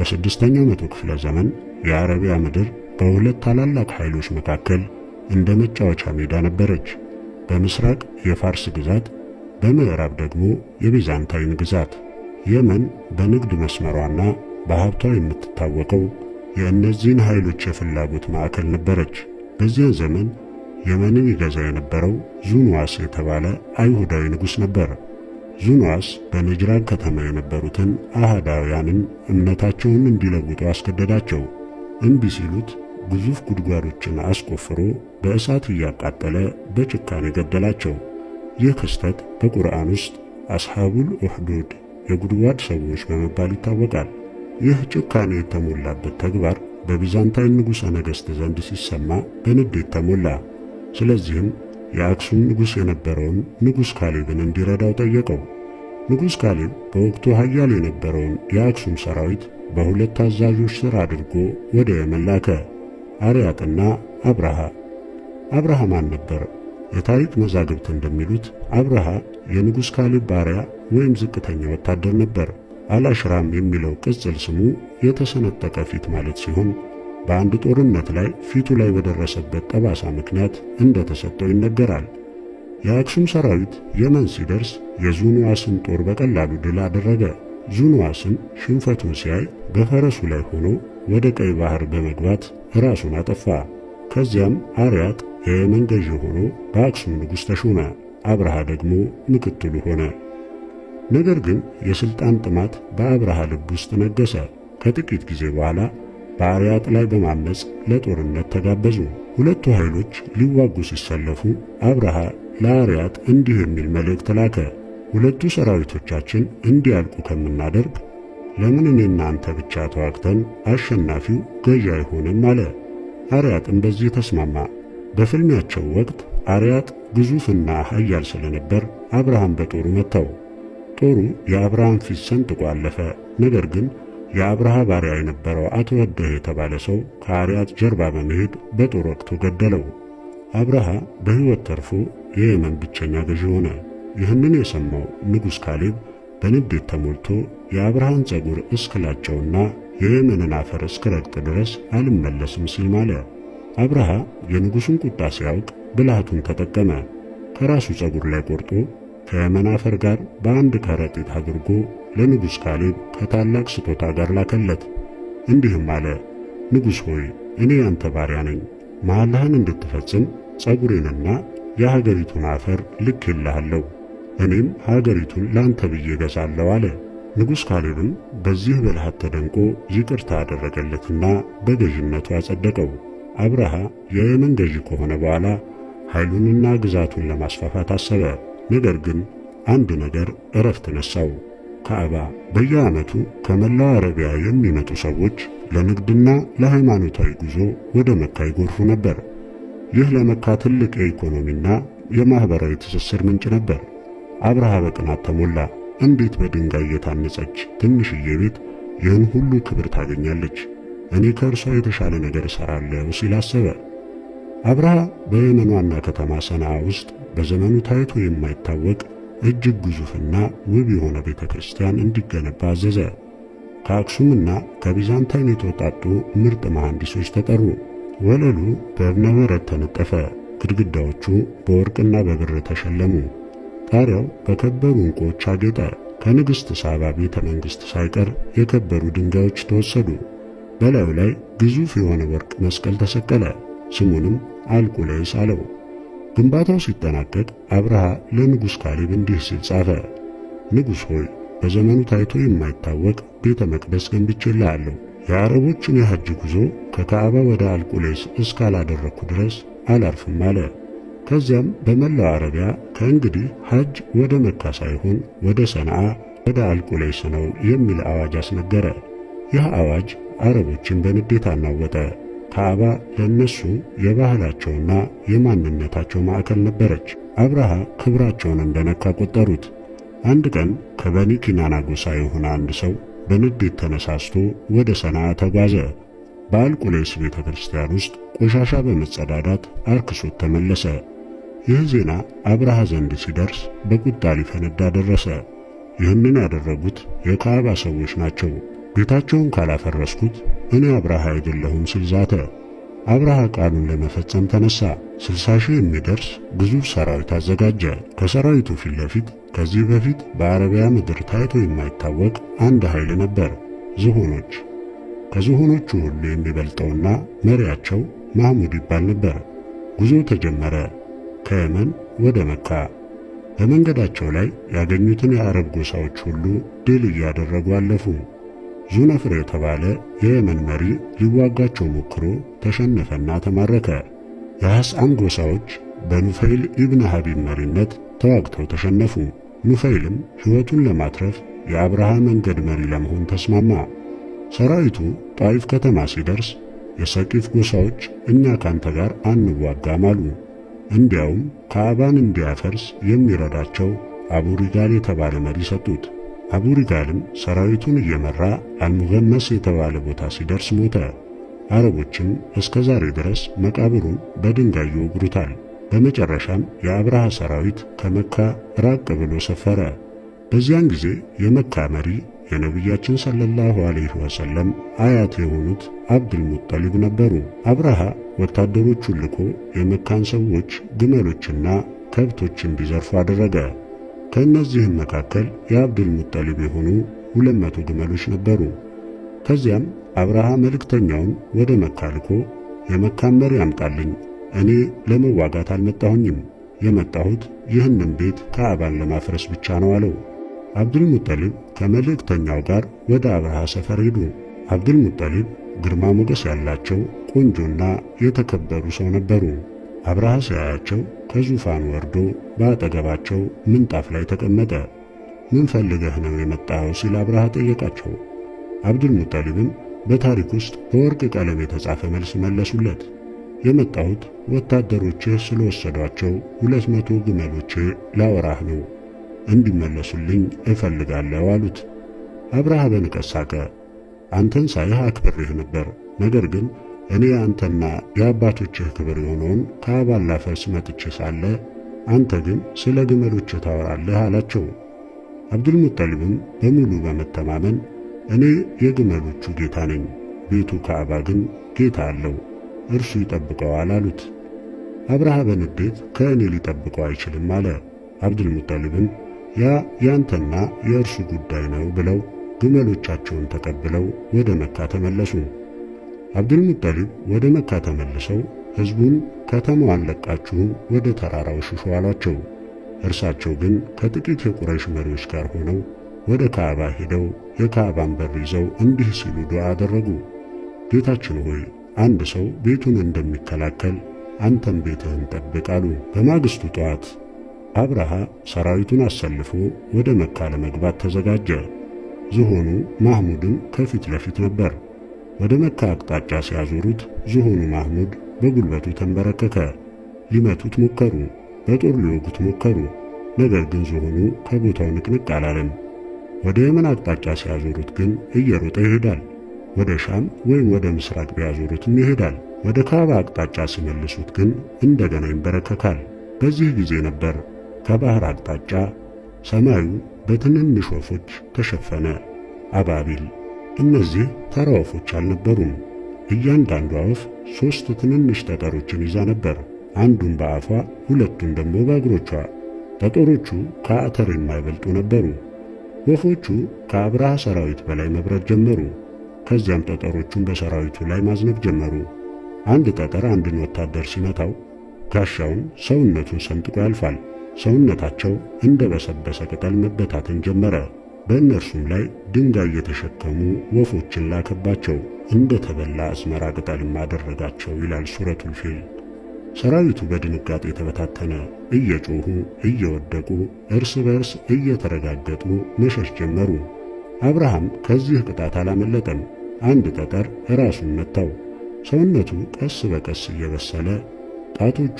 በስድስተኛው መቶ ክፍለ ዘመን የአረቢያ ምድር በሁለት ታላላቅ ኃይሎች መካከል እንደ መጫወቻ ሜዳ ነበረች። በምስራቅ የፋርስ ግዛት፣ በምዕራብ ደግሞ የቢዛንታይን ግዛት። የመን በንግድ መስመሯና በሀብቷ የምትታወቀው የእነዚህን ኃይሎች የፍላጎት ማዕከል ነበረች። በዚያን ዘመን የመንን ይገዛ የነበረው ዙንዋስ የተባለ አይሁዳዊ ንጉሥ ነበር። ዙዋስ በነጅራን ከተማ የነበሩትን አህዳውያንን እምነታቸውን እንዲለውጡ አስገደዳቸው። እምቢ ሲሉት ግዙፍ ጉድጓዶችን አስቆፍሮ በእሳት እያቃጠለ በጭካኔ ገደላቸው። ይህ ክስተት በቁርአን ውስጥ አስሐቡል ኡህዱድ የጉድጓድ ሰዎች በመባል ይታወቃል። ይህ ጭካኔ የተሞላበት ተግባር በቢዛንታይን ንጉሠ ነገሥት ዘንድ ሲሰማ በንዴት ተሞላ። ስለዚህም የአክሱም ንጉሥ የነበረውን ንጉሥ ካሌብን እንዲረዳው ጠየቀው። ንጉሥ ካሌብ በወቅቱ ኃያል የነበረውን የአክሱም ሰራዊት በሁለት አዛዦች ሥር አድርጎ ወደ የመን ላከ፣ አርያቅና አብርሃ። አብርሃ ማን ነበር? የታሪክ መዛግብት እንደሚሉት አብርሃ የንጉሥ ካሌብ ባሪያ ወይም ዝቅተኛ ወታደር ነበር። አላሽራም የሚለው ቅጽል ስሙ የተሰነጠቀ ፊት ማለት ሲሆን በአንድ ጦርነት ላይ ፊቱ ላይ በደረሰበት ጠባሳ ምክንያት እንደተሰጠው ይነገራል። የአክሱም ሰራዊት የመን ሲደርስ የዙኑዋስን ጦር በቀላሉ ድል አደረገ። ዙኑዋስም ሽንፈቱን ሲያይ በፈረሱ ላይ ሆኖ ወደ ቀይ ባህር በመግባት ራሱን አጠፋ። ከዚያም አርያቅ የየመን ገዢ ሆኖ በአክሱም ንጉሥ ተሾመ። አብርሃ ደግሞ ምክትሉ ሆነ። ነገር ግን የሥልጣን ጥማት በአብርሃ ልብ ውስጥ ነገሰ። ከጥቂት ጊዜ በኋላ በአርያጥ ላይ በማመፅ ለጦርነት ተጋበዙ። ሁለቱ ኃይሎች ሊዋጉ ሲሰለፉ አብርሃ ለአርያጥ እንዲህ የሚል መልእክት ላከ። ሁለቱ ሰራዊቶቻችን እንዲያልቁ ከምናደርግ ለምን እኔና አንተ ብቻ ተዋግተን አሸናፊው ገዢ አይሆንም አለ። አርያጥም በዚህ ተስማማ። በፍልሚያቸው ወቅት አርያጥ ግዙፍና ኃያል ስለነበር አብርሃም በጦሩ መታው። ጦሩ የአብርሃም ፊት ሰንጥቆ አለፈ። ነገር ግን የአብርሃ ባሪያ የነበረው አቶ ወደህ የተባለ ሰው ከአርያት ጀርባ በመሄድ በጦር ወቅቶ ገደለው። አብርሃ በሕይወት ተርፎ የየመን ብቸኛ ገዢ ሆነ። ይህንን የሰማው ንጉሥ ካሌብ በንዴት ተሞልቶ የአብርሃን ጸጉር እስክላጨውና የየመንን አፈር እስክረግጥ ድረስ አልመለስም ሲል ማለ። አብርሃ የንጉሡን ቁጣ ሲያውቅ ብልሃቱን ተጠቀመ። ከራሱ ጸጉር ላይ ቆርጦ ከየመን አፈር ጋር በአንድ ከረጢት አድርጎ ለንጉሥ ካሌብ ከታላቅ ስጦታ ጋር ላከለት። እንዲህም አለ፣ ንጉሥ ሆይ እኔ ያንተ ባሪያ ነኝ። መሐላህን እንድትፈጽም ጸጉሬንና የሀገሪቱን አፈር ልክ ይልሃለሁ። እኔም ሀገሪቱን ለአንተ ብዬ ገዛለሁ አለ። ንጉሥ ካሌብም በዚህ ብልሃት ተደንቆ ይቅርታ አደረገለትና በገዥነቱ አጸደቀው። አብርሃ የየመን ገዢ ከሆነ በኋላ ኃይሉንና ግዛቱን ለማስፋፋት አሰበ። ነገር ግን አንድ ነገር እረፍት ነሳው። ካዕባ በየዓመቱ ከመላው አረቢያ የሚመጡ ሰዎች ለንግድና ለሃይማኖታዊ ጉዞ ወደ መካ ይጎርፉ ነበር። ይህ ለመካ ትልቅ የኢኮኖሚና የማኅበራዊ ትስስር ምንጭ ነበር። አብርሃ በቅናት ተሞላ። እንዴት በድንጋይ የታነጸች ትንሽዬ ቤት ይህን ሁሉ ክብር ታገኛለች? እኔ ከእርሷ የተሻለ ነገር እሠራለሁ ሲል አሰበ። አብርሃ በየመን ዋና ከተማ ሰንዓ ውስጥ በዘመኑ ታይቶ የማይታወቅ እጅግ ግዙፍና ውብ የሆነ ቤተ ክርስቲያን እንዲገነባ አዘዘ። ከአክሱምና ከቢዛንታይን የተወጣጡ ምርጥ መሐንዲሶች ተጠሩ። ወለሉ በእብነበረድ ተነጠፈ። ግድግዳዎቹ በወርቅና በብር ተሸለሙ። ጣሪያው በከበሩ ዕንቁዎች አጌጠ። ከንግሥት ሳባ ቤተ መንግሥት ሳይቀር የከበሩ ድንጋዮች ተወሰዱ። በላዩ ላይ ግዙፍ የሆነ ወርቅ መስቀል ተሰቀለ። ስሙንም አልቁለይስ አለው። ግንባታው ሲጠናቀቅ አብርሃ ለንጉሥ ካሌብ እንዲህ ሲል ጻፈ። ንጉሥ ሆይ በዘመኑ ታይቶ የማይታወቅ ቤተ መቅደስ ገንብቼልሃለሁ። የአረቦቹን የሐጅ ጉዞ ከካዕባ ወደ አልቁሌስ እስካላደረግኩ ድረስ አላርፍም አለ። ከዚያም በመላው አረቢያ ከእንግዲህ ሐጅ ወደ መካ ሳይሆን ወደ ሰንዓ፣ ወደ አልቁሌስ ነው የሚል አዋጅ አስነገረ። ይህ አዋጅ አረቦችን በንዴት አናወጠ። ካዕባ ለነሱ የባህላቸውና የማንነታቸው ማዕከል ነበረች። አብርሃ ክብራቸውን እንደነካ ቆጠሩት። አንድ ቀን ከበኒ ኪናና ጎሳ የሆነ አንድ ሰው በንዴት ተነሳስቶ ወደ ሰንዓ ተጓዘ። በአልቁሌስ ቤተ ክርስቲያን ውስጥ ቆሻሻ በመጸዳዳት አርክሶት ተመለሰ። ይህ ዜና አብርሃ ዘንድ ሲደርስ በቁጣ ሊፈነዳ ደረሰ። ይህንን ያደረጉት የካዕባ ሰዎች ናቸው። ቤታቸውን ካላፈረስኩት እኔ አብርሃ አይደለሁም ስልዛተ! ዛተ። አብርሃ ቃሉን ለመፈጸም ተነሳ። ስልሳ ሺህ የሚደርስ ግዙፍ ሰራዊት አዘጋጀ። ከሰራዊቱ ፊት ለፊት ከዚህ በፊት በአረቢያ ምድር ታይቶ የማይታወቅ አንድ ኃይል ነበር፣ ዝሆኖች። ከዝሆኖቹ ሁሉ የሚበልጠውና መሪያቸው ማህሙድ ይባል ነበር። ጉዞ ተጀመረ፣ ከየመን ወደ መካ። በመንገዳቸው ላይ ያገኙትን የአረብ ጎሳዎች ሁሉ ድል እያደረጉ አለፉ። ዙነፍር የተባለ የየመን መሪ ሊዋጋቸው ሞክሮ ተሸነፈና ተማረከ። የሐስአን ጎሳዎች በኑፈይል ኢብን ሐቢብ መሪነት ተዋግተው ተሸነፉ። ኑፈይልም ሕይወቱን ለማትረፍ የአብርሃ መንገድ መሪ ለመሆን ተስማማ። ሰራዊቱ ጣይፍ ከተማ ሲደርስ የሰቂፍ ጎሳዎች እኛ ካንተ ጋር አንዋጋም አሉ። እንዲያውም ካዕባን እንዲያፈርስ የሚረዳቸው አቡሪጋል የተባለ መሪ ሰጡት። አቡ ሪጋልም ሰራዊቱን እየመራ አልሙገነስ የተባለ ቦታ ሲደርስ ሞተ። አረቦችም እስከ ዛሬ ድረስ መቃብሩን በድንጋይ ይወግሩታል። በመጨረሻም የአብርሃ ሰራዊት ከመካ ራቅ ብሎ ሰፈረ። በዚያን ጊዜ የመካ መሪ የነቢያችን ሰለላሁ ዐለይሂ ወሰለም አያት የሆኑት አብዱል ሙጠሊብ ነበሩ። አብርሃ ወታደሮቹን ልኮ የመካን ሰዎች ግመሎችና ከብቶች እንዲዘርፉ አደረገ። ከእነዚህም መካከል የአብዱል ሙጠሊብ የሆኑ ሁለት መቶ ግመሎች ነበሩ። ከዚያም አብርሃ መልእክተኛውን ወደ መካ ልኮ የመካን መሪ አምጣልኝ፣ እኔ ለመዋጋት አልመጣሁኝም፣ የመጣሁት ይህንም ቤት ከአባን ለማፍረስ ብቻ ነው አለው። አብዱልሙጠሊብ ከመልእክተኛው ጋር ወደ አብርሃ ሰፈር ሄዱ። አብዱልሙጠሊብ ግርማ ሞገስ ያላቸው ቆንጆና የተከበሩ ሰው ነበሩ። አብርሃ ሲያያቸው ከዙፋን ወርዶ በአጠገባቸው ምንጣፍ ላይ ተቀመጠ። ምን ፈልገህ ነው የመጣኸው ሲል አብርሃ ጠየቃቸው። አብዱልሙጠሊብም በታሪክ ውስጥ በወርቅ ቀለም የተጻፈ መልስ መለሱለት። የመጣሁት ወታደሮችህ ስለወሰዷቸው ሁለት መቶ ግመሎቼ ላወራህ ነው፣ እንዲመለሱልኝ እፈልጋለሁ አሉት። አብርሃ በንቀት ሳቀ። አንተን ሳይህ አክብሬህ ነበር፣ ነገር ግን እኔ አንተና የአባቶችህ ክብር የሆነውን ከአባል ላፈርስ መጥቼ ሳለ አንተ ግን ስለ ግመሎች ታወራለህ አላቸው። አብዱልሙጠሊብም በሙሉ በመተማመን እኔ የግመሎቹ ጌታ ነኝ፣ ቤቱ ከአባ ግን ጌታ አለው፣ እርሱ ይጠብቀዋል አሉት። አብርሃ በንዴት ከእኔ ሊጠብቀው አይችልም አለ። አብዱልሙጠሊብም ያ ያንተና የእርሱ ጉዳይ ነው ብለው ግመሎቻቸውን ተቀብለው ወደ መካ ተመለሱ። አብዱልሙጠሊብ ወደ መካ ተመልሰው ሕዝቡን ከተማዋን ለቃችሁ ወደ ተራራው ሽሹ አሏቸው። እርሳቸው ግን ከጥቂት የቁረይሽ መሪዎች ጋር ሆነው ወደ ካዕባ ሄደው የካዕባን በር ይዘው እንዲህ ሲሉ ዱዓ አደረጉ። ጌታችን ሆይ አንድ ሰው ቤቱን እንደሚከላከል አንተም ቤትህን ጠብቅ አሉ። በማግስቱ ጠዋት አብርሃ ሰራዊቱን አሰልፎ ወደ መካ ለመግባት ተዘጋጀ። ዝሆኑ ማህሙድም ከፊት ለፊት ነበር። ወደ መካ አቅጣጫ ሲያዞሩት ዝሆኑ ማህሙድ በጉልበቱ ተንበረከከ። ሊመቱት ሞከሩ፣ በጦር ሊወጉት ሞከሩ። ነገር ግን ዝሆኑ ከቦታው ንቅንቅ አላለም። ወደ የመን አቅጣጫ ሲያዞሩት ግን እየሮጠ ይሄዳል። ወደ ሻም ወይም ወደ ምስራቅ ቢያዞሩትም ይሄዳል። ወደ ካባ አቅጣጫ ሲመልሱት ግን እንደገና ይንበረከካል። በዚህ ጊዜ ነበር ከባህር አቅጣጫ ሰማዩ በትንንሽ ወፎች ተሸፈነ። አባቢል እነዚህ ተራ ወፎች አልነበሩም። እያንዳንዱ ወፍ ሦስት ትንንሽ ጠጠሮችን ይዛ ነበር። አንዱን በአፏ ሁለቱን ደግሞ በእግሮቿ። ጠጠሮቹ ከአተር የማይበልጡ ነበሩ። ወፎቹ ከአብርሃ ሰራዊት በላይ መብረር ጀመሩ። ከዚያም ጠጠሮቹን በሰራዊቱ ላይ ማዝነብ ጀመሩ። አንድ ጠጠር አንድን ወታደር ሲመታው ጋሻውን ሰውነቱን ሰንጥቆ ያልፋል። ሰውነታቸው እንደ በሰበሰ ቅጠል መበታተን ጀመረ። በእነርሱም ላይ ድንጋይ የተሸከሙ ወፎችን ላከባቸው፣ እንደ ተበላ አዝመራ ቅጠልም አደረጋቸው ይላል ሱረቱል ፊል። ሰራዊቱ በድንጋጤ ተበታተነ እየጮኹ እየወደቁ እርስ በርስ እየተረጋገጡ መሸሽ ጀመሩ። አብርሃም ከዚህ ቅጣት አላመለጠም። አንድ ጠጠር ራሱን መታው። ሰውነቱ ቀስ በቀስ እየበሰለ ጣቶቹ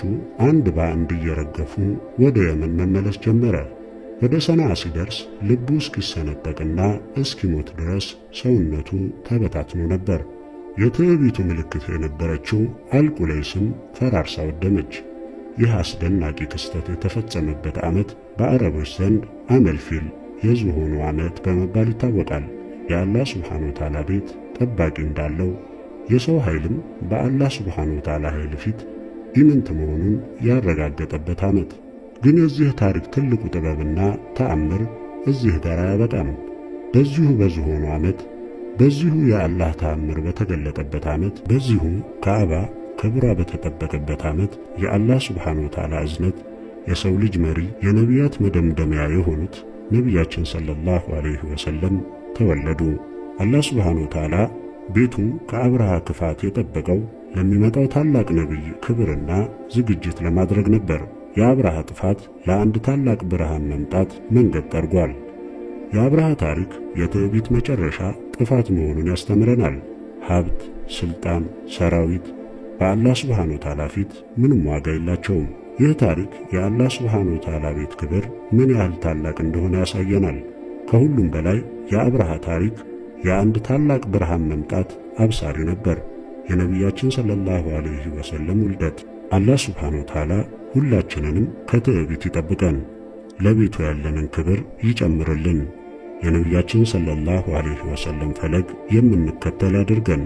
አንድ በአንድ እየረገፉ ወደ የመን መመለስ ጀመረ። ወደ ሰና ሲደርስ ልቡ እስኪሰነጠቅና እስኪሞት ድረስ ሰውነቱ ተበታትኖ ነበር። የትዕቢቱ ምልክት የነበረችው አልቁለይስም ፈራርሳ ወደመች። ይህ አስደናቂ ክስተት የተፈጸመበት ዓመት በአረቦች ዘንድ አመልፊል የዝሆኑ ዓመት በመባል ይታወቃል። የአላህ ስብሓን ወተዓላ ቤት ጠባቂ እንዳለው የሰው ኃይልም በአላህ ስብሓን ወተዓላ ኃይል ፊት ኢምንት መሆኑን ያረጋገጠበት ዓመት ግን የዚህ ታሪክ ትልቁ ጥበብና ተአምር እዚህ ጋር አያበቃም። በዚሁ በዝሆኑ ዓመት በዚሁ የአላህ ተአምር በተገለጠበት ዓመት በዚሁ ካዕባ ክብሯ በተጠበቀበት ዓመት የአላህ ስብሓን ወተዓላ እዝነት የሰው ልጅ መሪ የነቢያት መደምደሚያ የሆኑት ነቢያችን ሰለላሁ ዐለይሂ ወሰለም ተወለዱ። አላህ ስብሓን ወተዓላ ቤቱ ከአብርሃ ክፋት የጠበቀው ለሚመጣው ታላቅ ነቢይ ክብርና ዝግጅት ለማድረግ ነበር። የአብርሃ ጥፋት ለአንድ ታላቅ ብርሃን መምጣት መንገድ ጠርጓል። የአብርሃ ታሪክ የትዕቢት መጨረሻ ጥፋት መሆኑን ያስተምረናል። ሀብት፣ ስልጣን፣ ሰራዊት በአላህ ስብሓን ወተዓላ ፊት ምንም ዋጋ የላቸውም። ይህ ታሪክ የአላህ ስብሓን ወተዓላ ቤት ክብር ምን ያህል ታላቅ እንደሆነ ያሳየናል። ከሁሉም በላይ የአብርሃ ታሪክ የአንድ ታላቅ ብርሃን መምጣት አብሳሪ ነበር። የነቢያችን ሰለላሁ ዐለይሂ ወሰለም ውልደት አላህ ስብሓነ ወተዓላ ሁላችንንም ከትዕቢት ይጠብቀን፣ ለቤቱ ያለንን ክብር ይጨምርልን፣ የነቢያችን ሰለላሁ ዐለይሂ ወሰለም ፈለግ የምንከተል አድርገን።